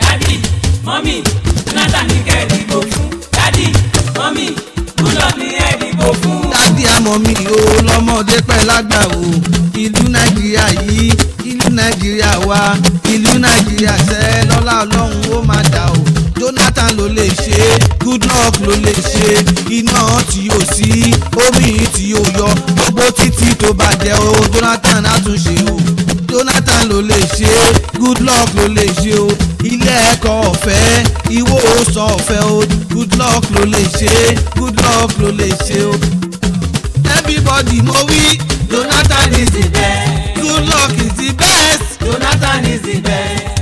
dádì mọ́mì jonathan ní kẹ́ ẹ dìbò fún dádì mọ́mì gúnlọ ní ẹ dìbò fún. dádì àmọ́ mi ò lọ́mọdé lagba o ìlú nàìjíríà yìí ìlú nàìjíríà wa ìlú nàìjíríà sẹ́ lọ́lá ọlọ́run ó máa dà o jonathan ló lè ṣe goodluck ló lè ṣe iná tí yóò sí omi tí yóò yọ gbogbo títí tó bàjẹ́ o jonathan á tún ṣe o ló lè ṣe good luck ló lè ṣe o ilé ẹ̀kọ́ ọ̀fẹ́ ìwọ sọ ọ̀fẹ́ o good luck ló lè ṣe good luck ló lè ṣe o. everybody mo wí Jonathan is the best good luck is the best Jonathan is the best.